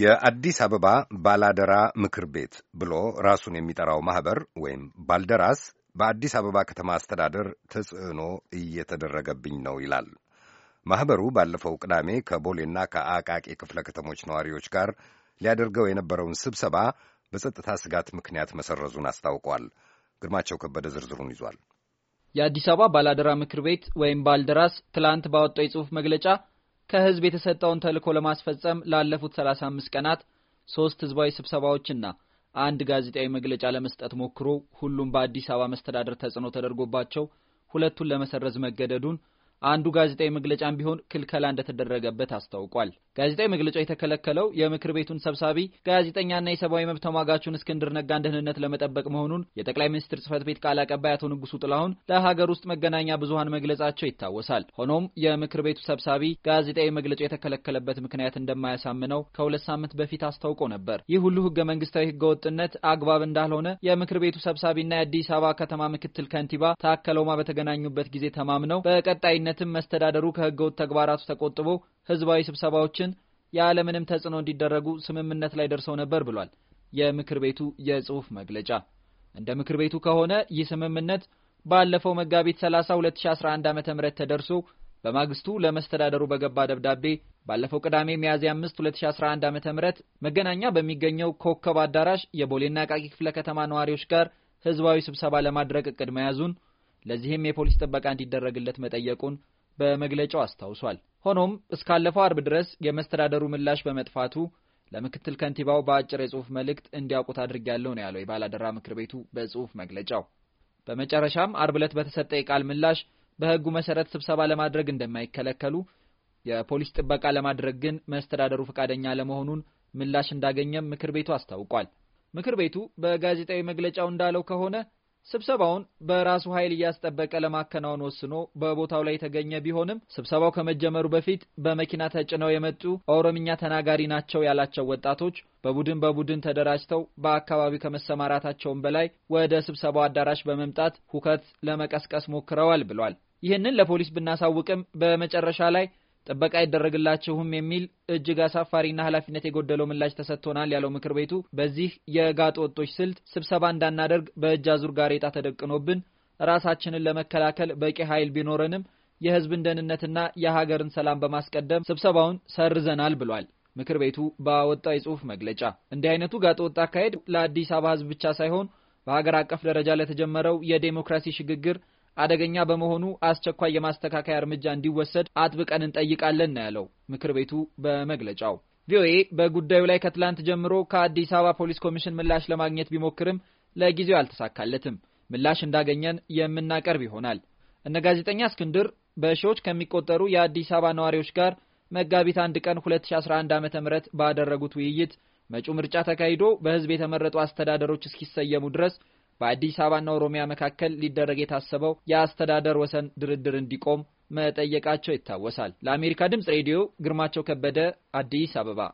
የአዲስ አበባ ባላደራ ምክር ቤት ብሎ ራሱን የሚጠራው ማኅበር ወይም ባልደራስ በአዲስ አበባ ከተማ አስተዳደር ተጽዕኖ እየተደረገብኝ ነው ይላል። ማኅበሩ ባለፈው ቅዳሜ ከቦሌና ከአቃቂ ክፍለ ከተሞች ነዋሪዎች ጋር ሊያደርገው የነበረውን ስብሰባ በጸጥታ ስጋት ምክንያት መሰረዙን አስታውቋል። ግርማቸው ከበደ ዝርዝሩን ይዟል። የአዲስ አበባ ባላደራ ምክር ቤት ወይም ባልደራስ ትላንት ባወጣው የጽሑፍ መግለጫ ከህዝብ የተሰጠውን ተልእኮ ለማስፈጸም ላለፉት 35 ቀናት ሶስት ህዝባዊ ስብሰባዎችና አንድ ጋዜጣዊ መግለጫ ለመስጠት ሞክሮ ሁሉም በአዲስ አበባ መስተዳደር ተጽዕኖ ተደርጎባቸው ሁለቱን ለመሰረዝ መገደዱን አንዱ ጋዜጣዊ መግለጫም ቢሆን ክልከላ እንደተደረገበት አስታውቋል። ጋዜጣዊ መግለጫው የተከለከለው የምክር ቤቱን ሰብሳቢ ጋዜጠኛና የሰብአዊ መብት ተሟጋቹን እስክንድር ነጋን ደህንነት ለመጠበቅ መሆኑን የጠቅላይ ሚኒስትር ጽህፈት ቤት ቃል አቀባይ አቶ ንጉሱ ጥላሁን ለሀገር ውስጥ መገናኛ ብዙሀን መግለጻቸው ይታወሳል። ሆኖም የምክር ቤቱ ሰብሳቢ ጋዜጣዊ መግለጫ የተከለከለበት ምክንያት እንደማያሳምነው ከሁለት ሳምንት በፊት አስታውቆ ነበር። ይህ ሁሉ ህገ መንግስታዊ ህገወጥነት አግባብ እንዳልሆነ የምክር ቤቱ ሰብሳቢና የአዲስ አበባ ከተማ ምክትል ከንቲባ ታከለውማ በተገናኙበት ጊዜ ተማምነው በቀጣይ በዋናነትም መስተዳደሩ ከህገወጥ ተግባራቱ ተቆጥቦ ህዝባዊ ስብሰባዎችን ያለምንም ተጽዕኖ እንዲደረጉ ስምምነት ላይ ደርሰው ነበር ብሏል የምክር ቤቱ የጽሑፍ መግለጫ። እንደ ምክር ቤቱ ከሆነ ይህ ስምምነት ባለፈው መጋቢት 30 2011 ም ተደርሶ በማግስቱ ለመስተዳደሩ በገባ ደብዳቤ ባለፈው ቅዳሜ ሚያዝያ 5 2011 ም መገናኛ በሚገኘው ኮከብ አዳራሽ የቦሌና ቃቂ ክፍለ ከተማ ነዋሪዎች ጋር ህዝባዊ ስብሰባ ለማድረግ እቅድ መያዙን ለዚህም የፖሊስ ጥበቃ እንዲደረግለት መጠየቁን በመግለጫው አስታውሷል። ሆኖም እስካለፈው አርብ ድረስ የመስተዳደሩ ምላሽ በመጥፋቱ ለምክትል ከንቲባው በአጭር የጽሁፍ መልእክት እንዲያውቁት አድርጌያለሁ ነው ያለው የባላደራ ምክር ቤቱ በጽሁፍ መግለጫው። በመጨረሻም አርብ ዕለት በተሰጠ የቃል ምላሽ በህጉ መሰረት ስብሰባ ለማድረግ እንደማይከለከሉ፣ የፖሊስ ጥበቃ ለማድረግ ግን መስተዳደሩ ፈቃደኛ ለመሆኑን ምላሽ እንዳገኘም ምክር ቤቱ አስታውቋል። ምክር ቤቱ በጋዜጣዊ መግለጫው እንዳለው ከሆነ ስብሰባውን በራሱ ኃይል እያስጠበቀ ለማከናወን ወስኖ በቦታው ላይ የተገኘ ቢሆንም ስብሰባው ከመጀመሩ በፊት በመኪና ተጭነው የመጡ ኦሮምኛ ተናጋሪ ናቸው ያላቸው ወጣቶች በቡድን በቡድን ተደራጅተው በአካባቢው ከመሰማራታቸውም በላይ ወደ ስብሰባው አዳራሽ በመምጣት ሁከት ለመቀስቀስ ሞክረዋል ብሏል። ይህንን ለፖሊስ ብናሳውቅም በመጨረሻ ላይ ጥበቃ አይደረግላችሁም የሚል እጅግ አሳፋሪና ኃላፊነት የጎደለው ምላሽ ተሰጥቶናል ያለው ምክር ቤቱ በዚህ የጋጥ ወጦች ስልት ስብሰባ እንዳናደርግ በእጅ አዙር ጋሬጣ ተደቅኖብን ራሳችንን ለመከላከል በቂ ኃይል ቢኖረንም የህዝብን ደህንነትና የሀገርን ሰላም በማስቀደም ስብሰባውን ሰርዘናል ብሏል። ምክር ቤቱ ባወጣው የጽሁፍ መግለጫ እንዲህ አይነቱ ጋጥ ወጥ አካሄድ ለአዲስ አበባ ህዝብ ብቻ ሳይሆን በሀገር አቀፍ ደረጃ ለተጀመረው የዴሞክራሲ ሽግግር አደገኛ በመሆኑ አስቸኳይ የማስተካከያ እርምጃ እንዲወሰድ አጥብቀን እንጠይቃለን ነው ያለው ምክር ቤቱ በመግለጫው። ቪኦኤ በጉዳዩ ላይ ከትላንት ጀምሮ ከአዲስ አበባ ፖሊስ ኮሚሽን ምላሽ ለማግኘት ቢሞክርም ለጊዜው አልተሳካለትም። ምላሽ እንዳገኘን የምናቀርብ ይሆናል። እነ ጋዜጠኛ እስክንድር በሺዎች ከሚቆጠሩ የአዲስ አበባ ነዋሪዎች ጋር መጋቢት አንድ ቀን 2011 ዓ.ም ባደረጉት ውይይት መጪው ምርጫ ተካሂዶ በህዝብ የተመረጡ አስተዳደሮች እስኪሰየሙ ድረስ በአዲስ አበባና ኦሮሚያ መካከል ሊደረግ የታሰበው የአስተዳደር ወሰን ድርድር እንዲቆም መጠየቃቸው ይታወሳል። ለአሜሪካ ድምፅ ሬዲዮ ግርማቸው ከበደ አዲስ አበባ